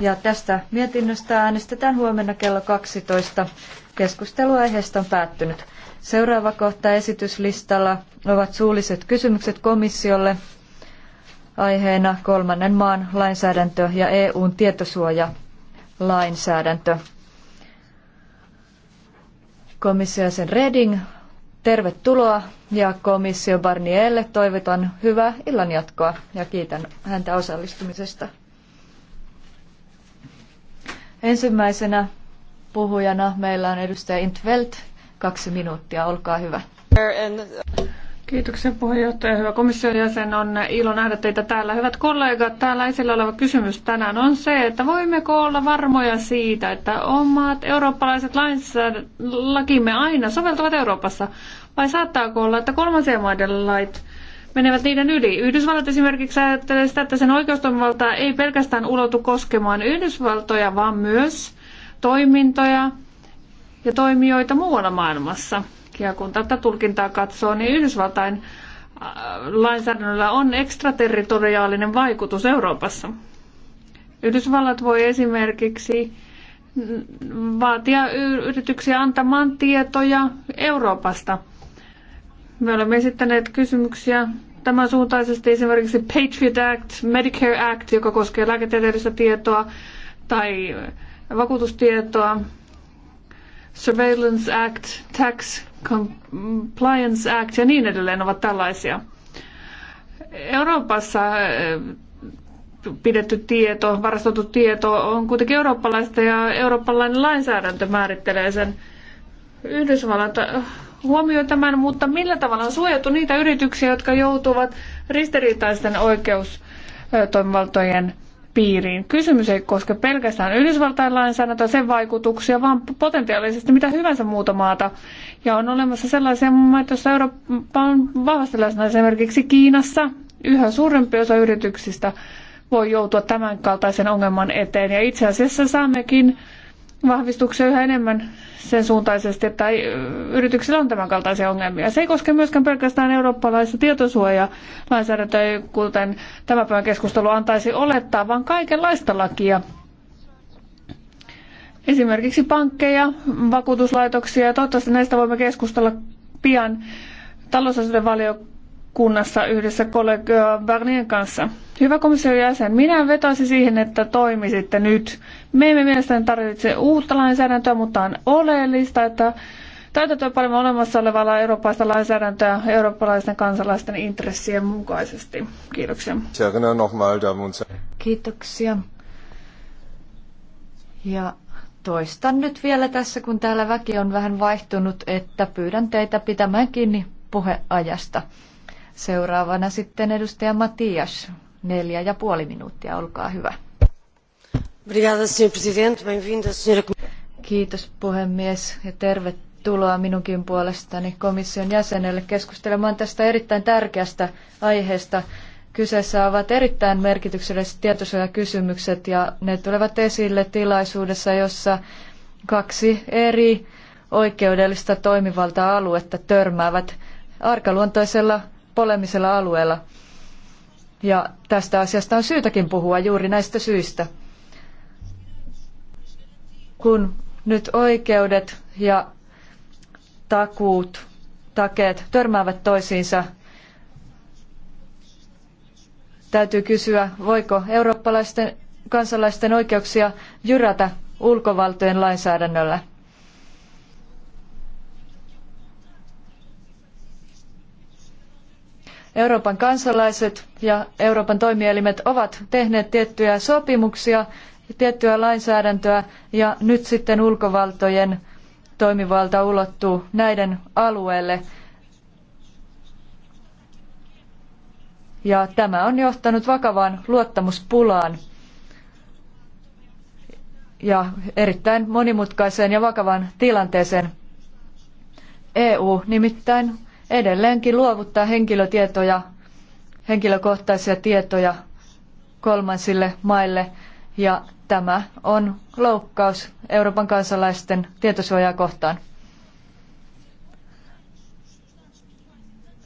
Ja tästä mietinnöstä äänestetään huomenna kello 12. Keskustelu aiheesta on päättynyt. Seuraava kohta esityslistalla ovat suulliset kysymykset komissiolle aiheena kolmannen maan lainsäädäntö ja EUn tietosuojalainsäädäntö. Komissio sen Reding, tervetuloa ja komissio Barnielle toivotan hyvää illanjatkoa ja kiitän häntä osallistumisesta. Ensimmäisenä puhujana meillä on edustaja Intveld. Kaksi minuuttia, olkaa hyvä. Kiitoksia puheenjohtaja. Hyvä komission jäsen, on ilo nähdä teitä täällä. Hyvät kollegat, täällä esillä oleva kysymys tänään on se, että voimmeko olla varmoja siitä, että omat eurooppalaiset lakimme aina soveltuvat Euroopassa, vai saattaako olla, että kolmansien maiden lait menevät niiden yli. Yhdysvallat esimerkiksi ajattelee sitä, että sen oikeustoimivalta ei pelkästään ulotu koskemaan Yhdysvaltoja, vaan myös toimintoja ja toimijoita muualla maailmassa. Ja kun tätä tulkintaa katsoo, niin Yhdysvaltain äh, lainsäädännöllä on ekstraterritoriaalinen vaikutus Euroopassa. Yhdysvallat voi esimerkiksi vaatia yrityksiä antamaan tietoja Euroopasta me olemme esittäneet kysymyksiä tämän suuntaisesti esimerkiksi Patriot Act, Medicare Act, joka koskee lääketieteellistä tietoa tai vakuutustietoa, Surveillance Act, Tax Compliance Act ja niin edelleen ovat tällaisia. Euroopassa eh, pidetty tieto, varastoitu tieto on kuitenkin eurooppalaista ja eurooppalainen lainsäädäntö määrittelee sen. Yhdysvallat eh, huomioi tämän, mutta millä tavalla on suojattu niitä yrityksiä, jotka joutuvat ristiriitaisten oikeustoimivaltojen piiriin. Kysymys ei koske pelkästään Yhdysvaltain lainsäädäntöä, sen vaikutuksia, vaan potentiaalisesti mitä hyvänsä muuta maata. Ja on olemassa sellaisia maita, joissa Eurooppa on vahvasti läsnä esimerkiksi Kiinassa. Yhä suurempi osa yrityksistä voi joutua tämän kaltaisen ongelman eteen. Ja itse asiassa saammekin vahvistuksia yhä enemmän sen suuntaisesti, että yrityksillä on tämän kaltaisia ongelmia. Se ei koske myöskään pelkästään eurooppalaista tietosuojalainsäädäntöä, kuten tämän päivän keskustelu antaisi olettaa, vaan kaikenlaista lakia. Esimerkiksi pankkeja, vakuutuslaitoksia, ja toivottavasti näistä voimme keskustella pian talousasioiden valiokunnassa kunnassa yhdessä kollega Barnien kanssa. Hyvä komission jäsen, minä vetoisin siihen, että toimisitte nyt. Me emme mielestäni tarvitse uutta lainsäädäntöä, mutta on oleellista, että täytetään paljon olemassa olevaa eurooppalaista lainsäädäntöä eurooppalaisten kansalaisten intressien mukaisesti. Kiitoksia. Kiitoksia. Ja toistan nyt vielä tässä, kun täällä väki on vähän vaihtunut, että pyydän teitä pitämään kiinni puheajasta. Seuraavana sitten edustaja Matias, neljä ja puoli minuuttia, olkaa hyvä. Kiitos puhemies ja tervetuloa minunkin puolestani komission jäsenelle keskustelemaan tästä erittäin tärkeästä aiheesta. Kyseessä ovat erittäin merkitykselliset tietosuojakysymykset ja ne tulevat esille tilaisuudessa, jossa kaksi eri oikeudellista toimivalta-aluetta törmäävät arkaluontoisella polemisella alueella. Ja tästä asiasta on syytäkin puhua juuri näistä syistä. Kun nyt oikeudet ja takuut, takeet törmäävät toisiinsa, täytyy kysyä, voiko eurooppalaisten kansalaisten oikeuksia jyrätä ulkovaltojen lainsäädännöllä. Euroopan kansalaiset ja Euroopan toimielimet ovat tehneet tiettyjä sopimuksia, tiettyä lainsäädäntöä ja nyt sitten ulkovaltojen toimivalta ulottuu näiden alueelle. Ja tämä on johtanut vakavaan luottamuspulaan ja erittäin monimutkaiseen ja vakavaan tilanteeseen. EU nimittäin edelleenkin luovuttaa henkilötietoja, henkilökohtaisia tietoja kolmansille maille ja tämä on loukkaus Euroopan kansalaisten tietosuojaa kohtaan.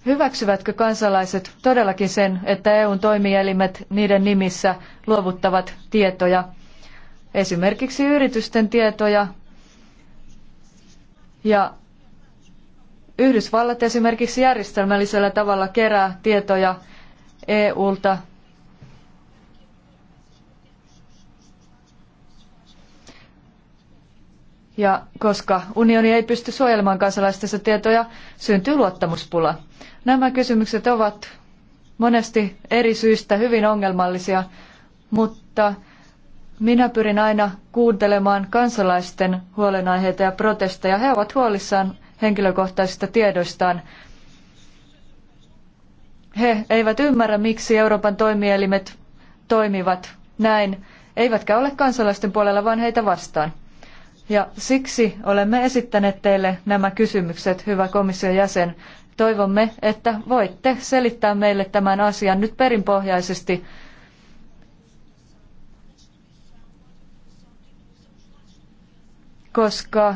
Hyväksyvätkö kansalaiset todellakin sen, että EUn toimielimet niiden nimissä luovuttavat tietoja, esimerkiksi yritysten tietoja ja Yhdysvallat esimerkiksi järjestelmällisellä tavalla kerää tietoja EUlta Ja koska unioni ei pysty suojelemaan kansalaistensa tietoja, syntyy luottamuspula. Nämä kysymykset ovat monesti eri syistä hyvin ongelmallisia, mutta minä pyrin aina kuuntelemaan kansalaisten huolenaiheita ja protesteja. He ovat huolissaan henkilökohtaisista tiedoistaan. He eivät ymmärrä, miksi Euroopan toimielimet toimivat näin, eivätkä ole kansalaisten puolella, vaan heitä vastaan. Ja siksi olemme esittäneet teille nämä kysymykset, hyvä komission jäsen. Toivomme, että voitte selittää meille tämän asian nyt perinpohjaisesti koska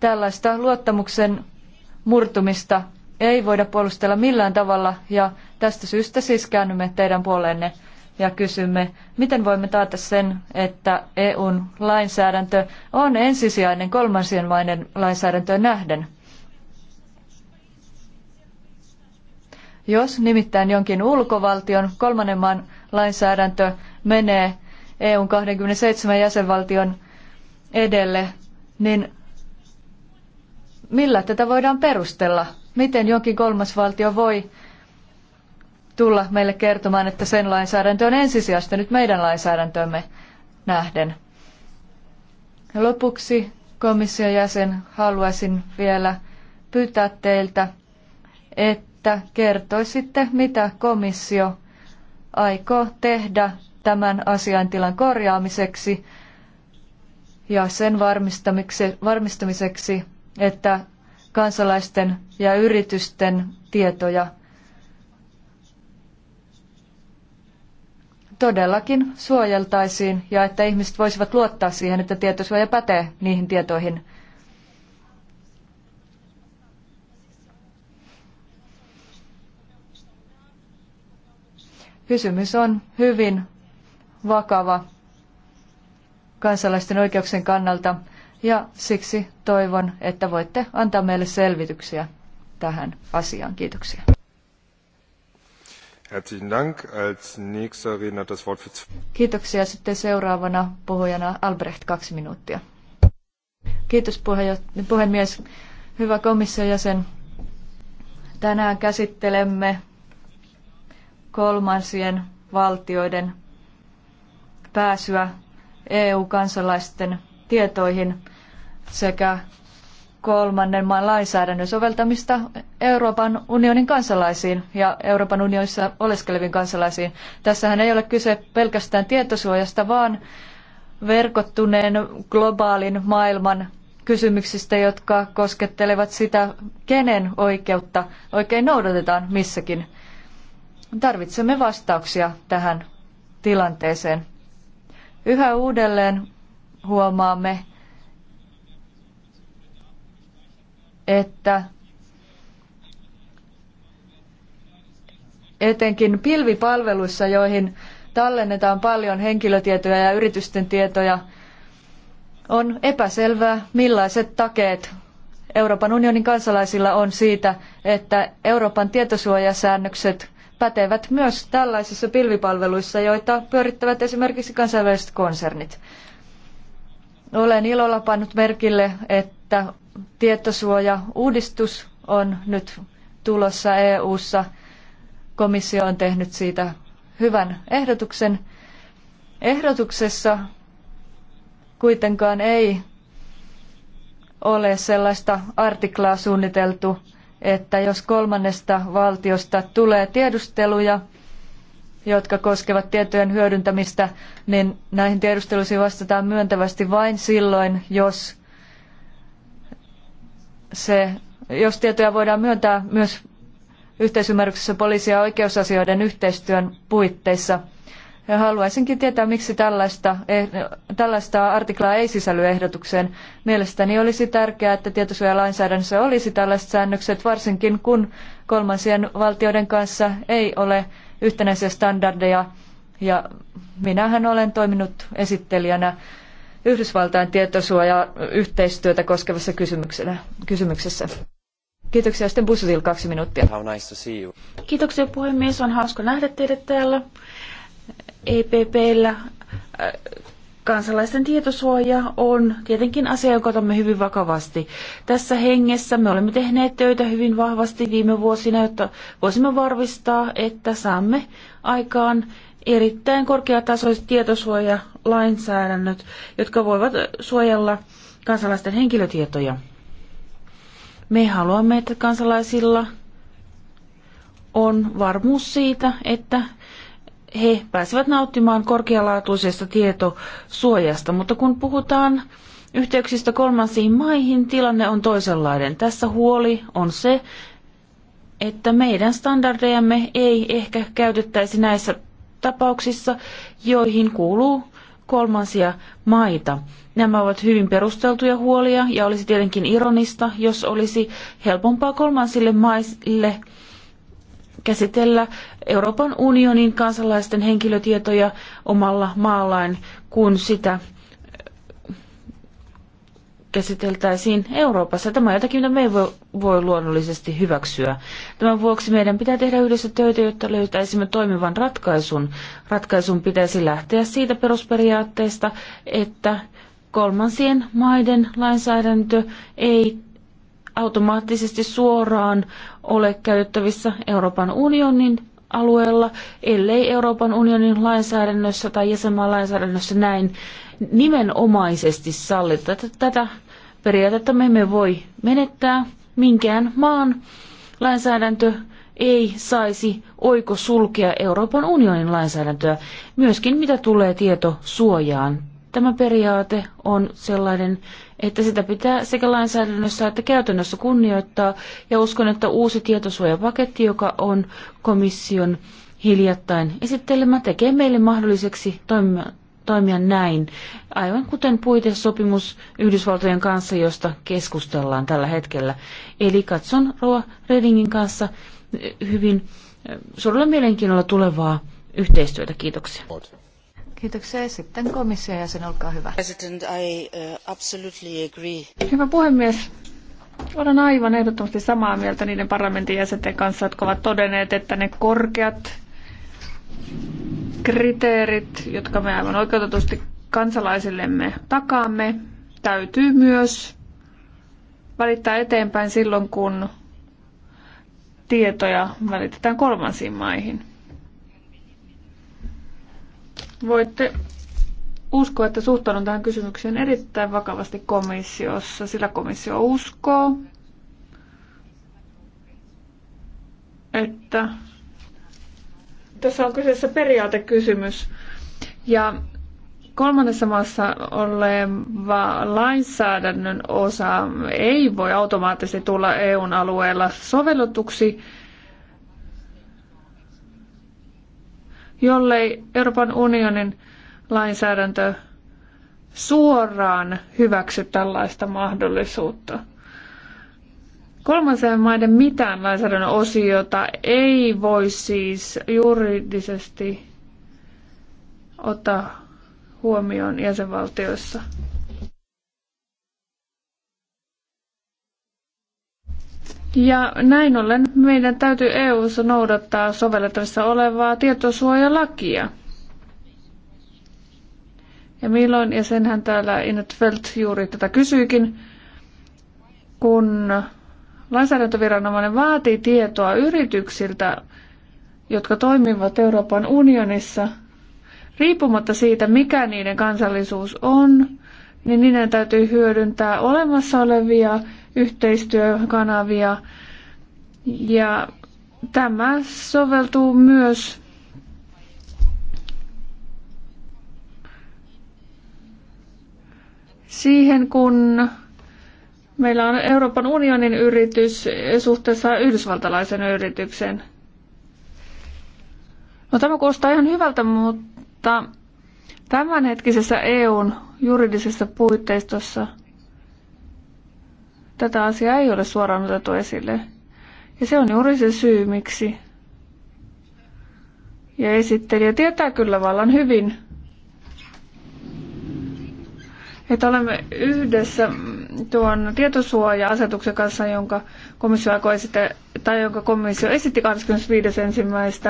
Tällaista luottamuksen murtumista ei voida puolustella millään tavalla ja tästä syystä siis käännymme teidän puoleenne ja kysymme, miten voimme taata sen, että EUn lainsäädäntö on ensisijainen kolmansien maiden lainsäädäntöön nähden. Jos nimittäin jonkin ulkovaltion kolmannen maan lainsäädäntö menee EUn 27 jäsenvaltion edelle, niin millä tätä voidaan perustella? Miten jonkin kolmas valtio voi tulla meille kertomaan, että sen lainsäädäntö on ensisijasta nyt meidän lainsäädäntömme nähden? Lopuksi komission jäsen haluaisin vielä pyytää teiltä, että kertoisitte, mitä komissio aikoo tehdä tämän asiantilan korjaamiseksi ja sen varmistamiseksi, varmistamiseksi että kansalaisten ja yritysten tietoja todellakin suojeltaisiin ja että ihmiset voisivat luottaa siihen, että tietosuoja pätee niihin tietoihin. Kysymys on hyvin vakava kansalaisten oikeuksien kannalta ja siksi toivon, että voitte antaa meille selvityksiä tähän asiaan. Kiitoksia. Herzlichen Dank. Als nächster Redner das Wort für Kiitoksia. Sitten seuraavana puhujana Albrecht kaksi minuuttia. Kiitos puhemies. Hyvä komission jäsen. Tänään käsittelemme kolmansien valtioiden pääsyä EU-kansalaisten tietoihin sekä kolmannen maan lainsäädännön soveltamista Euroopan unionin kansalaisiin ja Euroopan unionissa oleskeleviin kansalaisiin. Tässähän ei ole kyse pelkästään tietosuojasta, vaan verkottuneen globaalin maailman kysymyksistä, jotka koskettelevat sitä, kenen oikeutta oikein noudatetaan missäkin. Tarvitsemme vastauksia tähän tilanteeseen. Yhä uudelleen huomaamme, että etenkin pilvipalveluissa, joihin tallennetaan paljon henkilötietoja ja yritysten tietoja, on epäselvää, millaiset takeet Euroopan unionin kansalaisilla on siitä, että Euroopan tietosuojasäännökset pätevät myös tällaisissa pilvipalveluissa, joita pyörittävät esimerkiksi kansainväliset konsernit. Olen ilolla pannut merkille, että tietosuoja-uudistus on nyt tulossa EU:ssa. Komissio on tehnyt siitä hyvän ehdotuksen. Ehdotuksessa kuitenkaan ei ole sellaista artiklaa suunniteltu, että jos kolmannesta valtiosta tulee tiedusteluja, jotka koskevat tietojen hyödyntämistä, niin näihin tiedusteluihin vastataan myöntävästi vain silloin, jos, se, jos tietoja voidaan myöntää myös yhteisymmärryksessä poliisi- ja oikeusasioiden yhteistyön puitteissa – ja haluaisinkin tietää, miksi tällaista, eh, tällaista artiklaa ei sisälly ehdotukseen. Mielestäni olisi tärkeää, että tietosuojalainsäädännössä olisi tällaiset säännökset, varsinkin kun kolmansien valtioiden kanssa ei ole yhtenäisiä standardeja. Ja minähän olen toiminut esittelijänä Yhdysvaltain tietosuojayhteistyötä koskevassa kysymyksessä. Kiitoksia sitten Bussutil kaksi minuuttia. How nice to see you. Kiitoksia puhemies, on hauska nähdä teidät täällä. EPPllä äh, kansalaisten tietosuoja on tietenkin asia, jonka otamme hyvin vakavasti. Tässä hengessä me olemme tehneet töitä hyvin vahvasti viime vuosina, jotta voisimme varmistaa, että saamme aikaan erittäin korkeatasoiset tietosuojalainsäädännöt, jotka voivat suojella kansalaisten henkilötietoja. Me haluamme, että kansalaisilla on varmuus siitä, että he pääsevät nauttimaan korkealaatuisesta tietosuojasta, mutta kun puhutaan yhteyksistä kolmansiin maihin, tilanne on toisenlainen. Tässä huoli on se, että meidän standardejamme ei ehkä käytettäisi näissä tapauksissa, joihin kuuluu kolmansia maita. Nämä ovat hyvin perusteltuja huolia ja olisi tietenkin ironista, jos olisi helpompaa kolmansille maille käsitellä Euroopan unionin kansalaisten henkilötietoja omalla maallaan, kun sitä äh, käsiteltäisiin Euroopassa. Tämä on jotakin, mitä me ei voi, voi luonnollisesti hyväksyä. Tämän vuoksi meidän pitää tehdä yhdessä töitä, jotta löytäisimme toimivan ratkaisun. Ratkaisun pitäisi lähteä siitä perusperiaatteesta, että kolmansien maiden lainsäädäntö ei automaattisesti suoraan ole käytettävissä Euroopan unionin alueella, ellei Euroopan unionin lainsäädännössä tai jäsenmaan lainsäädännössä näin nimenomaisesti sallita. Tätä periaatetta me emme voi menettää. Minkään maan lainsäädäntö ei saisi oiko sulkea Euroopan unionin lainsäädäntöä, myöskin mitä tulee tietosuojaan. Tämä periaate on sellainen, että sitä pitää sekä lainsäädännössä että käytännössä kunnioittaa, ja uskon, että uusi tietosuojapaketti, joka on komission hiljattain esittelemä, tekee meille mahdolliseksi toimia, toimia näin, aivan kuten puitesopimus Yhdysvaltojen kanssa, josta keskustellaan tällä hetkellä. Eli katson Roa Redingin kanssa hyvin suurella mielenkiinnolla tulevaa yhteistyötä. Kiitoksia. Kiitoksia. Sitten komission jäsen, olkaa hyvä. President, I uh, absolutely agree. Hyvä puhemies. Olen aivan ehdottomasti samaa mieltä niiden parlamentin jäsenten kanssa, jotka ovat todenneet, että ne korkeat kriteerit, jotka me aivan oikeutetusti kansalaisillemme takaamme, täytyy myös välittää eteenpäin silloin, kun tietoja välitetään kolmansiin maihin. Voitte uskoa, että suhtaudun tähän kysymykseen erittäin vakavasti komissiossa, sillä komissio uskoo, että tässä on kyseessä periaatekysymys. Ja kolmannessa maassa oleva lainsäädännön osa ei voi automaattisesti tulla EUn alueella sovellutuksi jollei Euroopan unionin lainsäädäntö suoraan hyväksy tällaista mahdollisuutta. Kolmansien maiden mitään lainsäädännön osiota ei voi siis juridisesti ottaa huomioon jäsenvaltioissa. Ja näin ollen meidän täytyy EU-ssa noudattaa sovellettavissa olevaa tietosuojalakia. Ja milloin, ja senhän täällä Inet Felt juuri tätä kysyikin, kun lainsäädäntöviranomainen vaatii tietoa yrityksiltä, jotka toimivat Euroopan unionissa, riippumatta siitä, mikä niiden kansallisuus on, niin niiden täytyy hyödyntää olemassa olevia yhteistyökanavia. Ja tämä soveltuu myös siihen, kun meillä on Euroopan unionin yritys suhteessa yhdysvaltalaisen yritykseen. No tämä kuulostaa ihan hyvältä, mutta tämänhetkisessä EUn juridisessa puitteistossa – Tätä asiaa ei ole suoraan otettu esille. Ja se on juuri se syy, miksi. Ja esittelijä tietää kyllä vallan hyvin, että olemme yhdessä tuon tietosuoja-asetuksen kanssa, jonka komissio, esite, tai jonka komissio esitti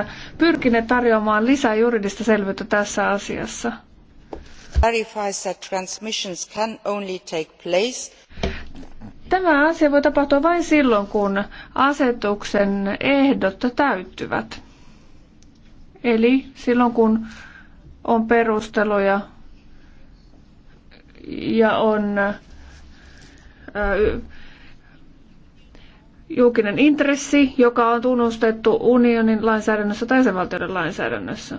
25.1. pyrkineet tarjoamaan lisää juridista selvyyttä tässä asiassa. Clarifies that transmissions can only take place Tämä asia voi tapahtua vain silloin, kun asetuksen ehdot täyttyvät. Eli silloin, kun on perusteluja ja on julkinen intressi, joka on tunnustettu unionin lainsäädännössä tai jäsenvaltioiden lainsäädännössä.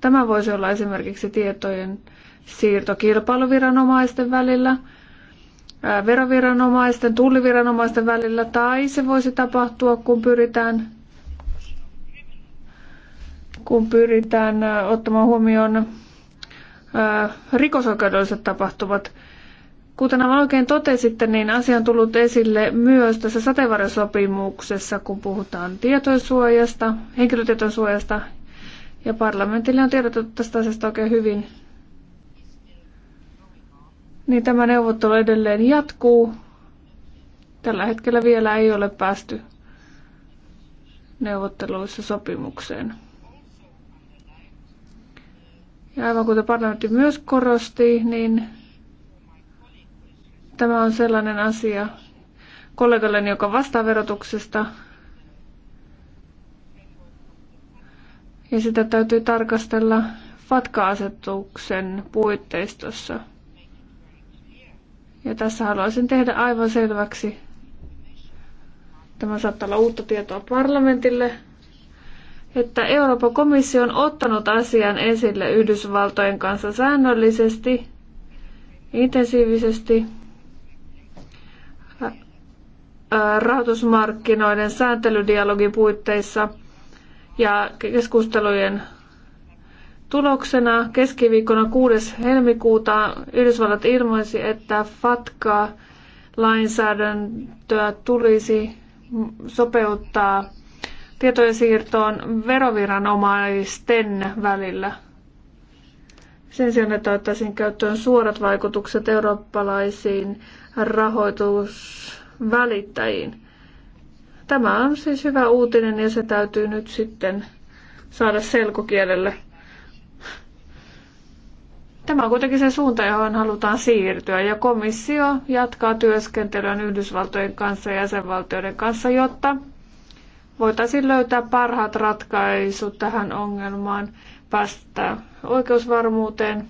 Tämä voisi olla esimerkiksi tietojen siirto kilpailuviranomaisten välillä, veroviranomaisten, tulliviranomaisten välillä tai se voisi tapahtua, kun pyritään, kun pyritään ottamaan huomioon rikosoikeudelliset tapahtuvat. Kuten aivan oikein totesitte, niin asia on tullut esille myös tässä sateenvarjosopimuksessa, kun puhutaan tietosuojasta, henkilötietosuojasta, ja parlamentille on tiedotettu tästä asiasta oikein hyvin niin tämä neuvottelu edelleen jatkuu. Tällä hetkellä vielä ei ole päästy neuvotteluissa sopimukseen. Ja aivan kuten parlamentti myös korosti, niin tämä on sellainen asia kollegalleni, joka vastaa verotuksesta. Ja sitä täytyy tarkastella FATKA-asetuksen puitteistossa – ja tässä haluaisin tehdä aivan selväksi, tämä saattaa olla uutta tietoa parlamentille, että Euroopan komissio on ottanut asian esille Yhdysvaltojen kanssa säännöllisesti, intensiivisesti rahoitusmarkkinoiden sääntelydialogin puitteissa ja keskustelujen Tuloksena keskiviikkona 6. helmikuuta Yhdysvallat ilmoisi, että FATCA-lainsäädäntöä tulisi sopeuttaa tietojensiirtoon veroviranomaisten välillä. Sen sijaan, että ottaisiin käyttöön suorat vaikutukset eurooppalaisiin rahoitusvälittäjiin. Tämä on siis hyvä uutinen ja se täytyy nyt sitten saada selkokielelle. Tämä on kuitenkin se suunta, johon halutaan siirtyä, ja komissio jatkaa työskentelyä Yhdysvaltojen kanssa ja jäsenvaltioiden kanssa, jotta voitaisiin löytää parhaat ratkaisut tähän ongelmaan, päästä oikeusvarmuuteen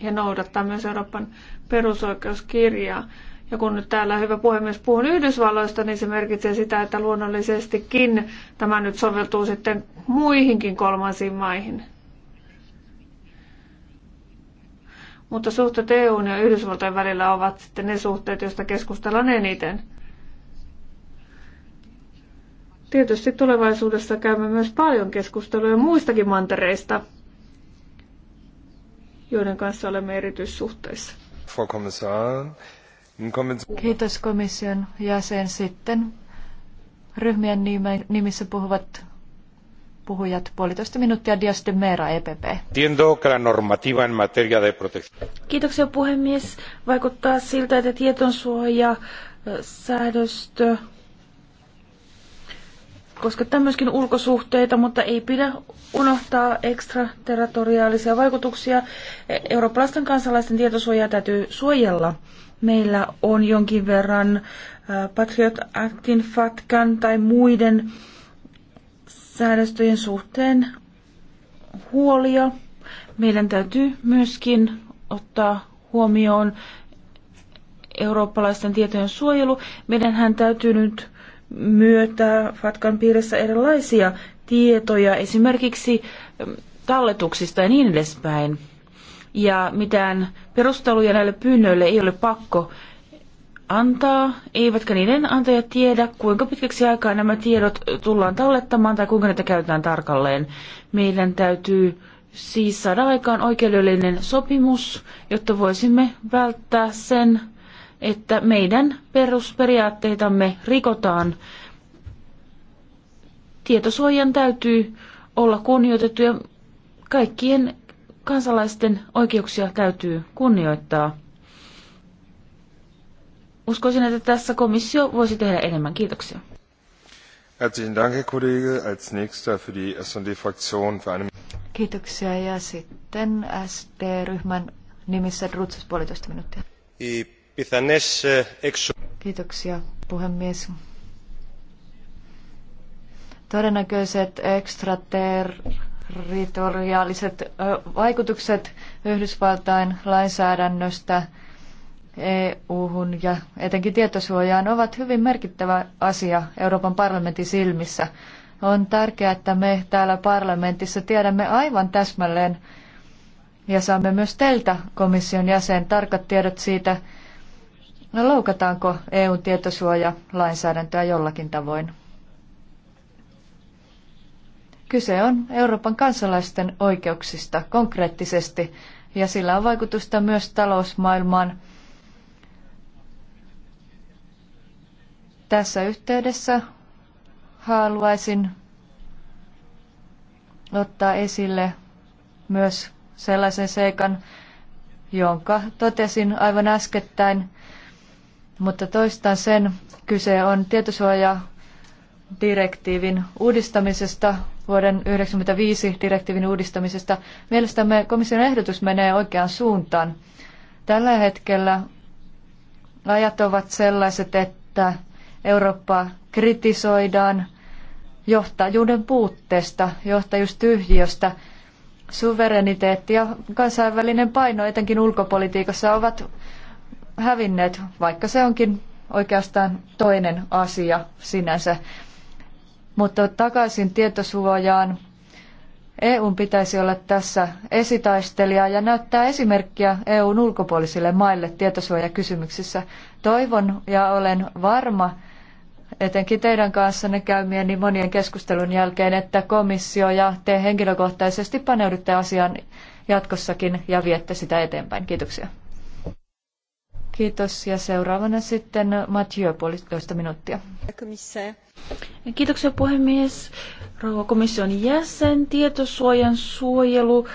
ja noudattaa myös Euroopan perusoikeuskirjaa. Ja kun nyt täällä hyvä puhemies puhun Yhdysvalloista, niin se merkitsee sitä, että luonnollisestikin tämä nyt soveltuu sitten muihinkin kolmansiin maihin. Mutta suhteet EUn ja Yhdysvaltain välillä ovat sitten ne suhteet, joista keskustellaan eniten. Tietysti tulevaisuudessa käymme myös paljon keskusteluja muistakin mantereista, joiden kanssa olemme erityissuhteissa. Kiitos komission jäsen. Sitten ryhmien nimissä puhuvat puhujat. Puolitoista minuuttia Dias de Mera, EPP. Kiitoksia puhemies. Vaikuttaa siltä, että tietonsuoja säädöstö koskettaa myöskin ulkosuhteita, mutta ei pidä unohtaa ekstraterritoriaalisia vaikutuksia. E, eurooppalaisten kansalaisten tietosuojaa täytyy suojella. Meillä on jonkin verran Patriot Actin, FATCAN tai muiden äh, säädöstöjen suhteen huolia. Meidän täytyy myöskin ottaa huomioon eurooppalaisten tietojen suojelu. hän täytyy nyt myötää Fatkan piirissä erilaisia tietoja, esimerkiksi mm, talletuksista ja niin edespäin. Ja mitään perusteluja näille pyynnöille ei ole pakko antaa, eivätkä niiden antajat tiedä, kuinka pitkäksi aikaa nämä tiedot tullaan tallettamaan tai kuinka niitä käytetään tarkalleen. Meidän täytyy siis saada aikaan oikeudellinen sopimus, jotta voisimme välttää sen, että meidän perusperiaatteitamme rikotaan. Tietosuojan täytyy olla kunnioitettu ja kaikkien kansalaisten oikeuksia täytyy kunnioittaa. Uskoisin, että tässä komissio voisi tehdä enemmän. Kiitoksia. Herzlichen Dank, Herr Kollege. Als nächster für die SD-Fraktion für eine... Kiitoksia. Ja sitten SD-ryhmän nimissä Rutsus puolitoista minuuttia. Kiitoksia, puhemies. Todennäköiset ekstraterritoriaaliset vaikutukset Yhdysvaltain lainsäädännöstä – EU-hun ja etenkin tietosuojaan ovat hyvin merkittävä asia Euroopan parlamentin silmissä. On tärkeää, että me täällä parlamentissa tiedämme aivan täsmälleen ja saamme myös teiltä komission jäsen tarkat tiedot siitä, loukataanko EUn tietosuojalainsäädäntöä jollakin tavoin. Kyse on Euroopan kansalaisten oikeuksista konkreettisesti ja sillä on vaikutusta myös talousmaailmaan – Tässä yhteydessä haluaisin ottaa esille myös sellaisen seikan, jonka totesin aivan äskettäin, mutta toistan sen. Kyse on tietosuojadirektiivin uudistamisesta, vuoden 1995 direktiivin uudistamisesta. Mielestämme komission ehdotus menee oikeaan suuntaan. Tällä hetkellä ajat ovat sellaiset, että Eurooppaa kritisoidaan johtajuuden puutteesta, johtajuustyhjiöstä. Suvereniteetti ja kansainvälinen paino etenkin ulkopolitiikassa ovat hävinneet, vaikka se onkin oikeastaan toinen asia sinänsä. Mutta takaisin tietosuojaan. EUn pitäisi olla tässä esitaistelija ja näyttää esimerkkiä EUn ulkopuolisille maille tietosuojakysymyksissä. Toivon ja olen varma, etenkin teidän kanssanne käymieni monien keskustelun jälkeen, että komissio ja te henkilökohtaisesti paneudutte asiaan jatkossakin ja viette sitä eteenpäin. Kiitoksia. Kiitos. Ja seuraavana sitten Mathieu, puolitoista minuuttia. Kiitoksia puhemies. Rouva komission jäsen, tietosuojan suojelu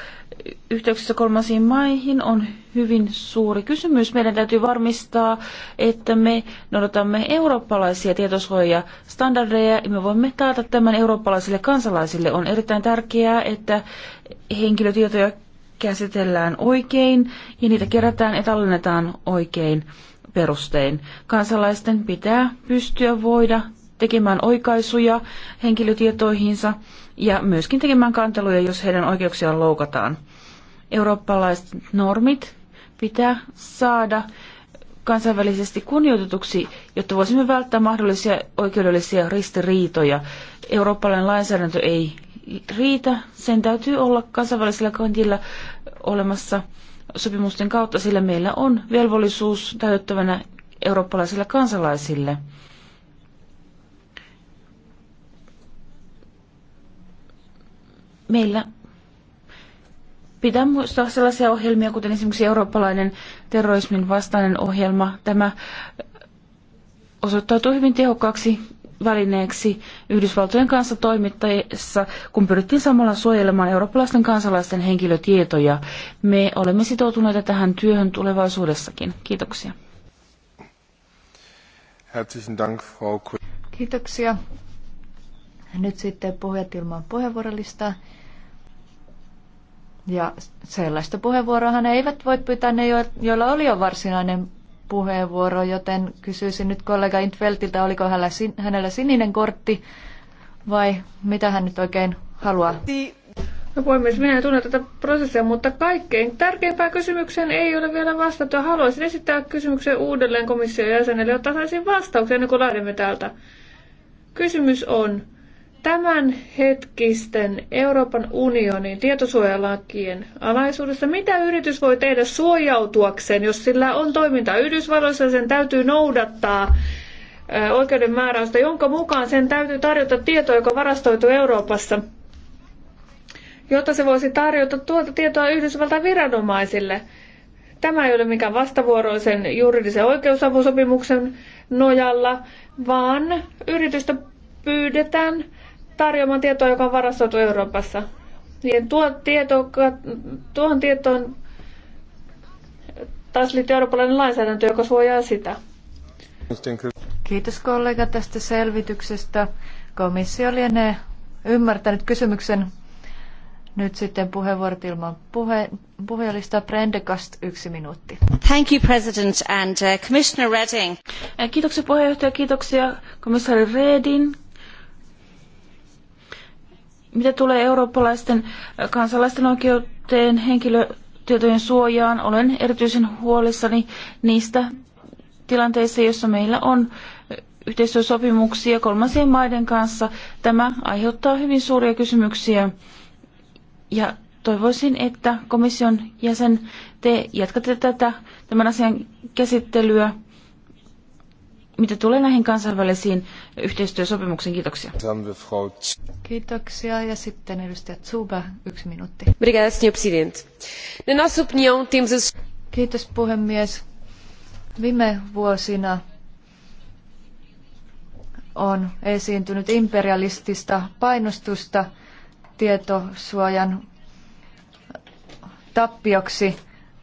yhteyksissä kolmansiin maihin on hyvin suuri kysymys. Meidän täytyy varmistaa, että me noudatamme eurooppalaisia tietosuojastandardeja ja me voimme taata tämän eurooppalaisille kansalaisille. On erittäin tärkeää, että henkilötietoja käsitellään oikein ja niitä kerätään ja tallennetaan oikein perustein. Kansalaisten pitää pystyä voida tekemään oikaisuja henkilötietoihinsa ja myöskin tekemään kanteluja, jos heidän oikeuksiaan loukataan. Eurooppalaiset normit pitää saada kansainvälisesti kunnioitetuksi, jotta voisimme välttää mahdollisia oikeudellisia ristiriitoja. Eurooppalainen lainsäädäntö ei riitä, sen täytyy olla kansainvälisellä kantilla olemassa sopimusten kautta, sillä meillä on velvollisuus täyttävänä eurooppalaisille kansalaisille. meillä pitää muistaa sellaisia ohjelmia, kuten esimerkiksi eurooppalainen terrorismin vastainen ohjelma. Tämä osoittautui hyvin tehokkaaksi välineeksi Yhdysvaltojen kanssa toimittaessa, kun pyrittiin samalla suojelemaan eurooppalaisten kansalaisten henkilötietoja. Me olemme sitoutuneita tähän työhön tulevaisuudessakin. Kiitoksia. Dank, Frau Kiitoksia. Nyt sitten puhujat ilman puheenvuorolistaa. Ja sellaista puheenvuoroahan eivät voi pyytää ne, joilla oli jo varsinainen puheenvuoro, joten kysyisin nyt kollega Intveltiltä, oliko hänellä sininen kortti vai mitä hän nyt oikein haluaa? No puhemies, minä en tunne tätä prosessia, mutta kaikkein tärkeimpään kysymykseen ei ole vielä vastattu. Haluaisin esittää kysymyksen uudelleen komission jäsenelle, jotta saisin vastauksen ennen kuin lähdemme täältä. Kysymys on, Tämänhetkisten Euroopan unionin tietosuojalakien alaisuudessa, mitä yritys voi tehdä suojautuakseen, jos sillä on toiminta Yhdysvalloissa ja sen täytyy noudattaa oikeuden määräystä, jonka mukaan sen täytyy tarjota tietoa, joka varastoitu Euroopassa, jotta se voisi tarjota tuota tietoa Yhdysvaltain viranomaisille. Tämä ei ole mikään vastavuoroisen juridisen oikeusavusopimuksen nojalla, vaan yritystä pyydetään tarjoamaan tietoa, joka on varastoitu Euroopassa. Niin tuo tieto, tuohon tietoon taas liittyy eurooppalainen lainsäädäntö, joka suojaa sitä. Kiitos kollega tästä selvityksestä. Komissio lienee ymmärtänyt kysymyksen. Nyt sitten puheenvuorot ilman puhe, puheenjohtaja Prendekast yksi minuutti. Thank you President and uh, Commissioner Redding. Kiitoksia puheenjohtaja, kiitoksia komissaari Redin, mitä tulee eurooppalaisten kansalaisten oikeuteen henkilötietojen suojaan, olen erityisen huolissani niistä tilanteissa, joissa meillä on yhteistyösopimuksia kolmansien maiden kanssa. Tämä aiheuttaa hyvin suuria kysymyksiä ja toivoisin, että komission jäsen, te jatkatte tätä tämän asian käsittelyä mitä tulee näihin kansainvälisiin yhteistyösopimuksiin, kiitoksia. Kiitoksia ja sitten edustaja Zuba, yksi minuutti. Kiitos puhemies. Viime vuosina on esiintynyt imperialistista painostusta tietosuojan tappioksi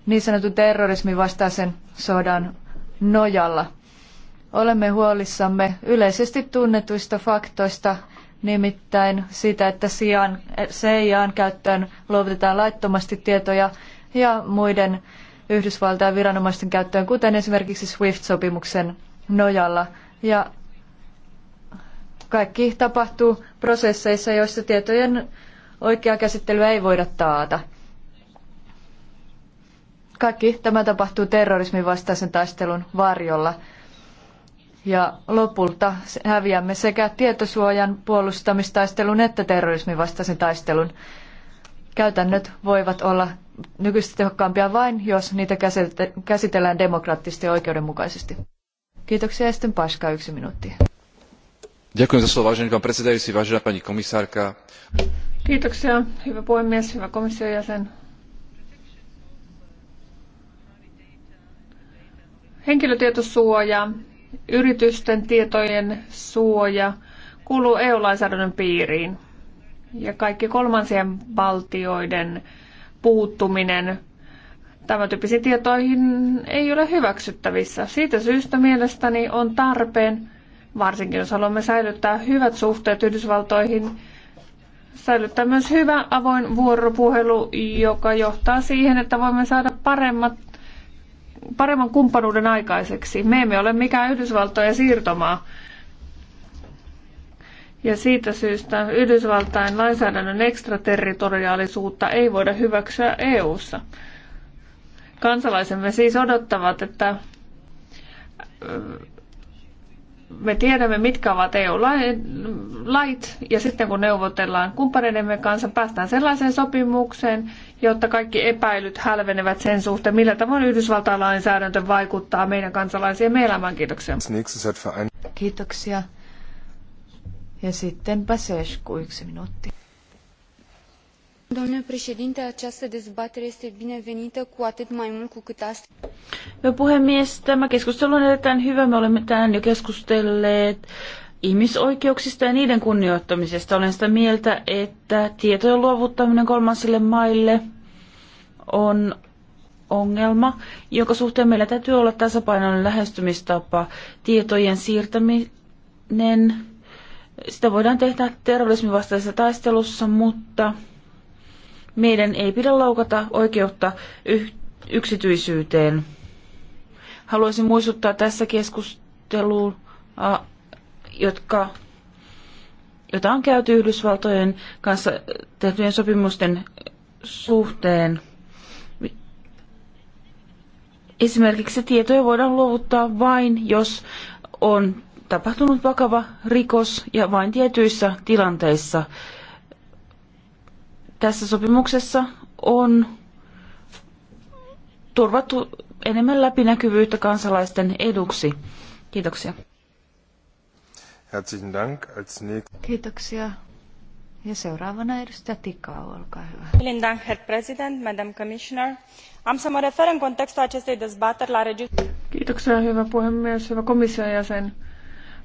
niin sanotun terrorismin vastaisen sodan nojalla. Olemme huolissamme yleisesti tunnetuista faktoista, nimittäin siitä, että sijaan, CIAn käyttöön luovutetaan laittomasti tietoja ja muiden Yhdysvaltain viranomaisten käyttöön, kuten esimerkiksi SWIFT-sopimuksen nojalla. Ja kaikki tapahtuu prosesseissa, joissa tietojen oikeaa käsittelyä ei voida taata. Kaikki tämä tapahtuu terrorismin vastaisen taistelun varjolla ja lopulta häviämme sekä tietosuojan puolustamistaistelun että terrorismin vastaisen taistelun. Käytännöt voivat olla nykyistä tehokkaampia vain, jos niitä käsitellään demokraattisesti ja oikeudenmukaisesti. Kiitoksia ja sitten Paska yksi minuutti. Ďakujem za slovo, vážený pán predsedajúci, vážená pani komisárka. Kiitoksia, hyvä puhemies, hyvä komission jäsen. Henkilötietosuoja yritysten tietojen suoja kuuluu EU-lainsäädännön piiriin. Ja kaikki kolmansien valtioiden puuttuminen tämän tyyppisiin tietoihin ei ole hyväksyttävissä. Siitä syystä mielestäni on tarpeen, varsinkin jos haluamme säilyttää hyvät suhteet Yhdysvaltoihin, säilyttää myös hyvä avoin vuoropuhelu, joka johtaa siihen, että voimme saada paremmat paremman kumppanuuden aikaiseksi. Me emme ole mikään Yhdysvaltojen siirtomaa. Ja siitä syystä Yhdysvaltain lainsäädännön ekstraterritoriaalisuutta ei voida hyväksyä EU:ssa. Kansalaisemme siis odottavat, että me tiedämme, mitkä ovat EU-lait, ja sitten kun neuvotellaan kumppaneidemme kanssa, päästään sellaiseen sopimukseen, jotta kaikki epäilyt hälvenevät sen suhteen, millä tavoin Yhdysvaltain lainsäädäntö vaikuttaa meidän kansalaisiemme elämään. Kiitoksia. Kiitoksia. Ja sitten Basescu, yksi minuutti această dezbatere este binevenită cu atât mai mult cu cât Hyvä no, puhemies, tämä keskustelu on erittäin hyvä. Me olemme tänään jo keskustelleet ihmisoikeuksista ja niiden kunnioittamisesta. Olen sitä mieltä, että tietojen luovuttaminen kolmansille maille on ongelma, joka suhteen meillä täytyy olla tasapainoinen lähestymistapa. Tietojen siirtäminen, sitä voidaan tehdä terrorismin vastaisessa taistelussa, mutta meidän ei pidä loukata oikeutta yksityisyyteen. Haluaisin muistuttaa tässä keskusteluun, jotka, jota on käyty Yhdysvaltojen kanssa tehtyjen sopimusten suhteen. Esimerkiksi tietoja voidaan luovuttaa vain, jos on tapahtunut vakava rikos ja vain tietyissä tilanteissa. Tässä sopimuksessa on turvattu enemmän läpinäkyvyyttä kansalaisten eduksi. Kiitoksia. Herzlichen Dank. Als Kiitoksia. Ja seuraavana edustaja Tikau, olkaa hyvä. Vielen Dank, Herr Madam Commissioner. Am să mă refer în contextul acestei dezbateri la Kiitoksia, hyvä puhemies, hyvä komission jäsen.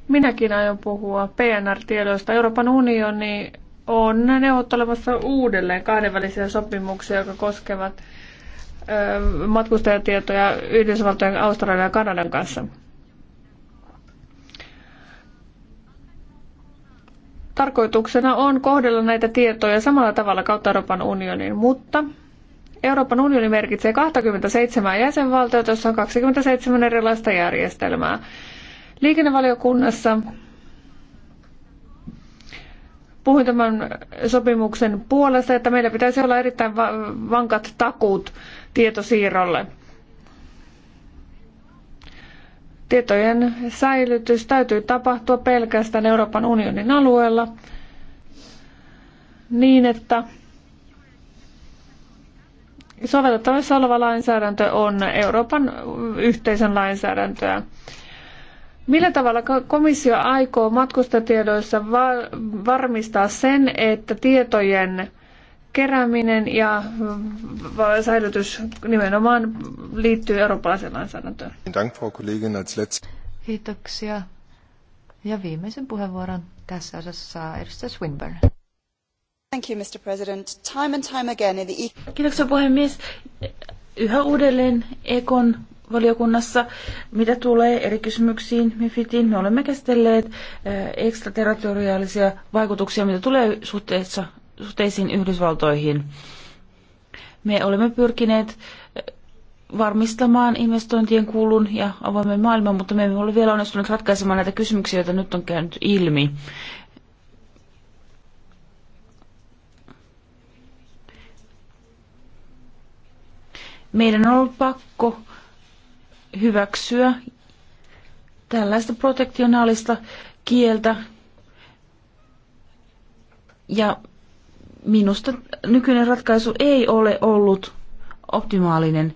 Minäkin aion puhua PNR-tiedoista. Euroopan unioni on neuvottelemassa uudelleen kahdenvälisiä sopimuksia, jotka koskevat matkustajatietoja Yhdysvaltojen, Australian ja Kanadan kanssa. Tarkoituksena on kohdella näitä tietoja samalla tavalla kautta Euroopan unionin, mutta Euroopan unioni merkitsee 27 jäsenvaltiota, jossa on 27 erilaista järjestelmää. Liikennevaliokunnassa puhuin tämän sopimuksen puolesta, että meillä pitäisi olla erittäin vankat takuut tietosiirrolle. Tietojen säilytys täytyy tapahtua pelkästään Euroopan unionin alueella niin, että sovellettavissa oleva lainsäädäntö on Euroopan yhteisön lainsäädäntöä. Millä tavalla komissio aikoo matkustatiedoissa varmistaa sen, että tietojen kerääminen ja säilytys nimenomaan liittyy eurooppalaiseen lainsäädäntöön? Kiitoksia. Ja viimeisen puheenvuoron tässä osassa saa edustaja Swinburne. Thank you, Mr. President. Time and time again in the... E- Kiitoksia puhemies yhä uudelleen Ekon valiokunnassa, mitä tulee eri kysymyksiin MIFITin. Me olemme käsitelleet äh, ekstraterritoriaalisia vaikutuksia, mitä tulee suhteessa, suhteisiin Yhdysvaltoihin. Me olemme pyrkineet äh, varmistamaan investointien kulun ja avoimen maailman, mutta me emme ole vielä onnistuneet ratkaisemaan näitä kysymyksiä, joita nyt on käynyt ilmi. Meidän on ollut pakko hyväksyä tällaista protektionaalista kieltä. Ja minusta nykyinen ratkaisu ei ole ollut optimaalinen.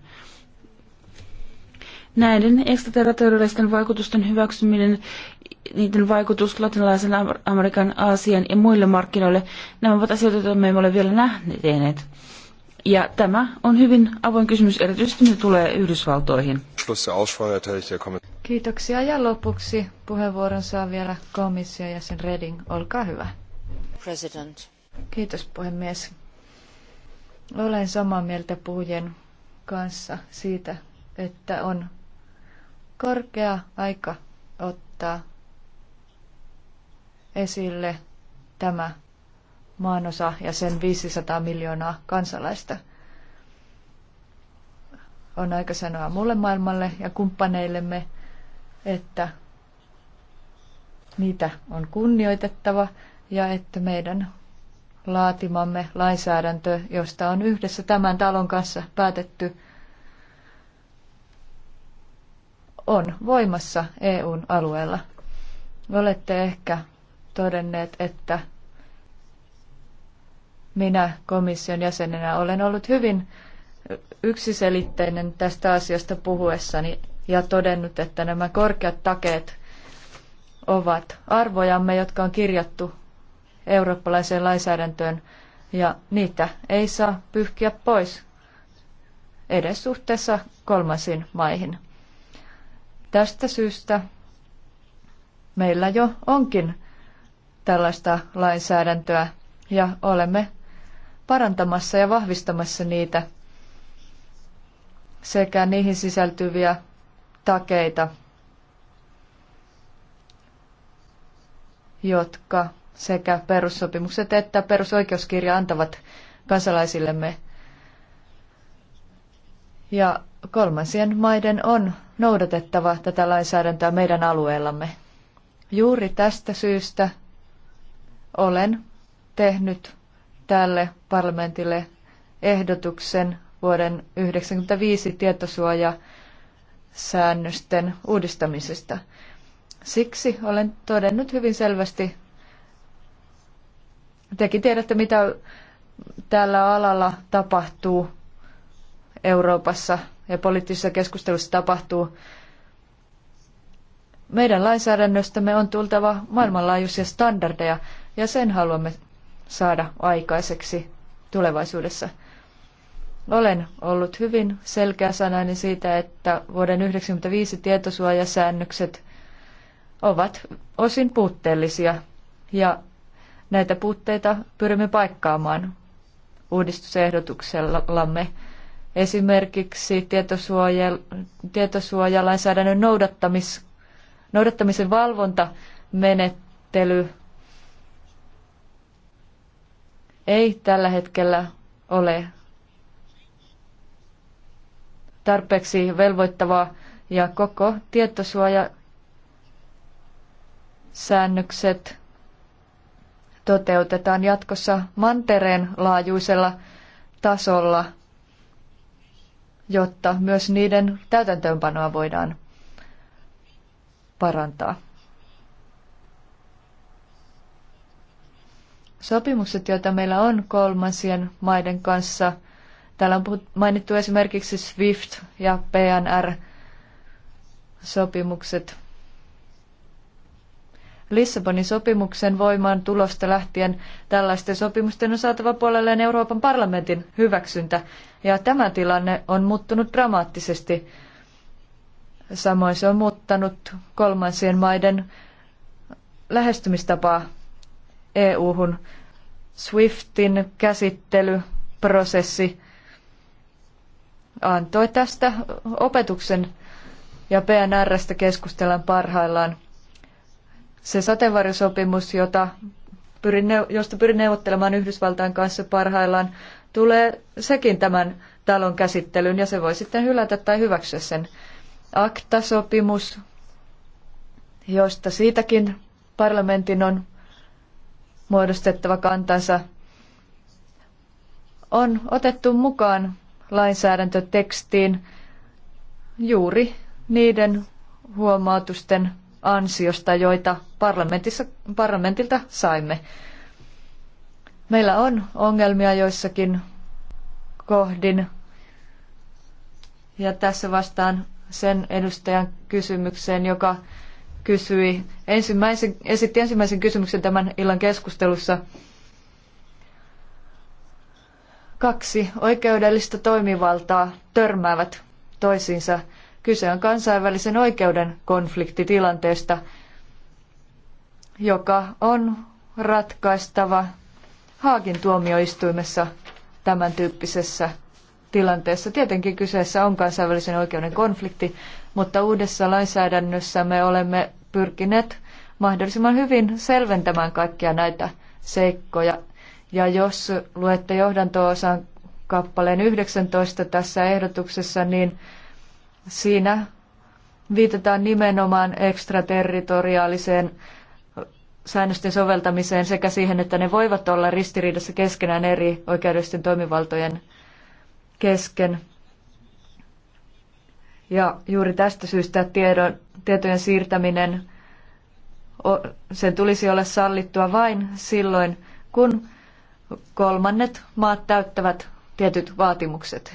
Näiden ekstraterritoriaalisten vaikutusten hyväksyminen, niiden vaikutus latinalaisen Amerikan, Aasian ja muille markkinoille, nämä ovat asioita, joita me emme ole vielä nähneet. Ja tämä on hyvin avoin kysymys, erityisesti mitä tulee Yhdysvaltoihin. Kiitoksia ja lopuksi puheenvuoron saa vielä komission jäsen Reding. Olkaa hyvä. President. Kiitos puhemies. Olen samaa mieltä puhujien kanssa siitä, että on korkea aika ottaa esille tämä maanosa ja sen 500 miljoonaa kansalaista. On aika sanoa muulle maailmalle ja kumppaneillemme, että niitä on kunnioitettava ja että meidän laatimamme lainsäädäntö, josta on yhdessä tämän talon kanssa päätetty, on voimassa EUn alueella. Olette ehkä todenneet, että minä komission jäsenenä olen ollut hyvin yksiselitteinen tästä asiasta puhuessani ja todennut, että nämä korkeat takeet ovat arvojamme, jotka on kirjattu eurooppalaiseen lainsäädäntöön ja niitä ei saa pyyhkiä pois edes suhteessa kolmansiin maihin. Tästä syystä meillä jo onkin tällaista lainsäädäntöä ja olemme parantamassa ja vahvistamassa niitä sekä niihin sisältyviä takeita, jotka sekä perussopimukset että perusoikeuskirja antavat kansalaisillemme. Ja kolmansien maiden on noudatettava tätä lainsäädäntöä meidän alueellamme. Juuri tästä syystä olen tehnyt tälle parlamentille ehdotuksen vuoden 1995 tietosuojasäännösten uudistamisesta. Siksi olen todennut hyvin selvästi, tekin tiedätte mitä tällä alalla tapahtuu Euroopassa ja poliittisessa keskustelussa tapahtuu. Meidän lainsäädännöstämme on tultava maailmanlaajuisia standardeja ja sen haluamme saada aikaiseksi tulevaisuudessa. Olen ollut hyvin selkeäsanainen siitä, että vuoden 1995 tietosuojasäännökset ovat osin puutteellisia ja näitä puutteita pyrimme paikkaamaan uudistusehdotuksellamme. Esimerkiksi tietosuoja, tietosuojalainsäädännön noudattamis, noudattamisen valvontamenettely ei tällä hetkellä ole tarpeeksi velvoittavaa ja koko tietosuoja säännökset toteutetaan jatkossa mantereen laajuisella tasolla, jotta myös niiden täytäntöönpanoa voidaan parantaa. sopimukset, joita meillä on kolmansien maiden kanssa, täällä on mainittu esimerkiksi SWIFT ja PNR-sopimukset. Lissabonin sopimuksen voimaan tulosta lähtien tällaisten sopimusten on saatava puolelleen Euroopan parlamentin hyväksyntä, ja tämä tilanne on muuttunut dramaattisesti. Samoin se on muuttanut kolmansien maiden lähestymistapaa EU-hun. SWIFTin käsittelyprosessi antoi tästä opetuksen ja PNRstä keskustellaan parhaillaan. Se sateenvarjosopimus, jota pyrin, josta pyrin neuvottelemaan Yhdysvaltain kanssa parhaillaan, tulee sekin tämän talon käsittelyyn ja se voi sitten hylätä tai hyväksyä sen. aktasopimus, sopimus josta siitäkin parlamentin on muodostettava kantansa on otettu mukaan lainsäädäntötekstiin juuri niiden huomautusten ansiosta, joita parlamentissa, parlamentilta saimme. Meillä on ongelmia joissakin kohdin. Ja tässä vastaan sen edustajan kysymykseen, joka kysyi ensimmäisen, esitti ensimmäisen kysymyksen tämän illan keskustelussa. Kaksi oikeudellista toimivaltaa törmäävät toisiinsa. Kyse on kansainvälisen oikeuden konfliktitilanteesta, joka on ratkaistava haakin tuomioistuimessa tämän tyyppisessä tilanteessa. Tietenkin kyseessä on kansainvälisen oikeuden konflikti, mutta uudessa lainsäädännössä me olemme pyrkineet mahdollisimman hyvin selventämään kaikkia näitä seikkoja. Ja jos luette johdanto-osan kappaleen 19 tässä ehdotuksessa, niin siinä viitataan nimenomaan ekstraterritoriaaliseen säännösten soveltamiseen sekä siihen, että ne voivat olla ristiriidassa keskenään eri oikeudellisten toimivaltojen kesken. Ja juuri tästä syystä tiedon, tietojen siirtäminen, sen tulisi olla sallittua vain silloin, kun kolmannet maat täyttävät tietyt vaatimukset.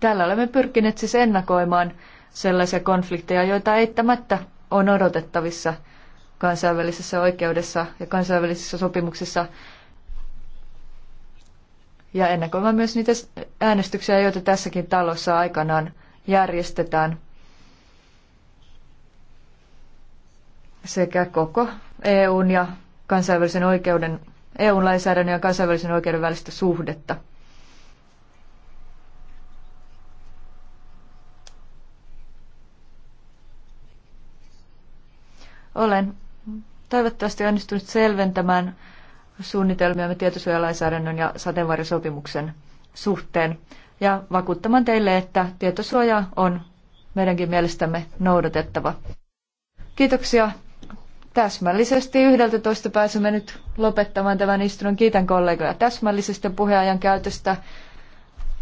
Tällä olemme pyrkineet siis ennakoimaan sellaisia konflikteja, joita eittämättä on odotettavissa kansainvälisessä oikeudessa ja kansainvälisissä sopimuksissa ja ennakoimaan myös niitä äänestyksiä, joita tässäkin talossa aikanaan järjestetään sekä koko EUn ja kansainvälisen oikeuden, EUn lainsäädännön ja kansainvälisen oikeuden välistä suhdetta. Olen toivottavasti onnistunut selventämään me tietosuojalainsäädännön ja sateenvarjosopimuksen suhteen ja vakuuttamaan teille, että tietosuoja on meidänkin mielestämme noudatettava. Kiitoksia täsmällisesti yhdeltä toista pääsemme nyt lopettamaan tämän istunnon. Kiitän kollegoja täsmällisestä puheajan käytöstä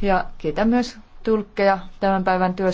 ja kiitän myös tulkkeja tämän päivän työstä.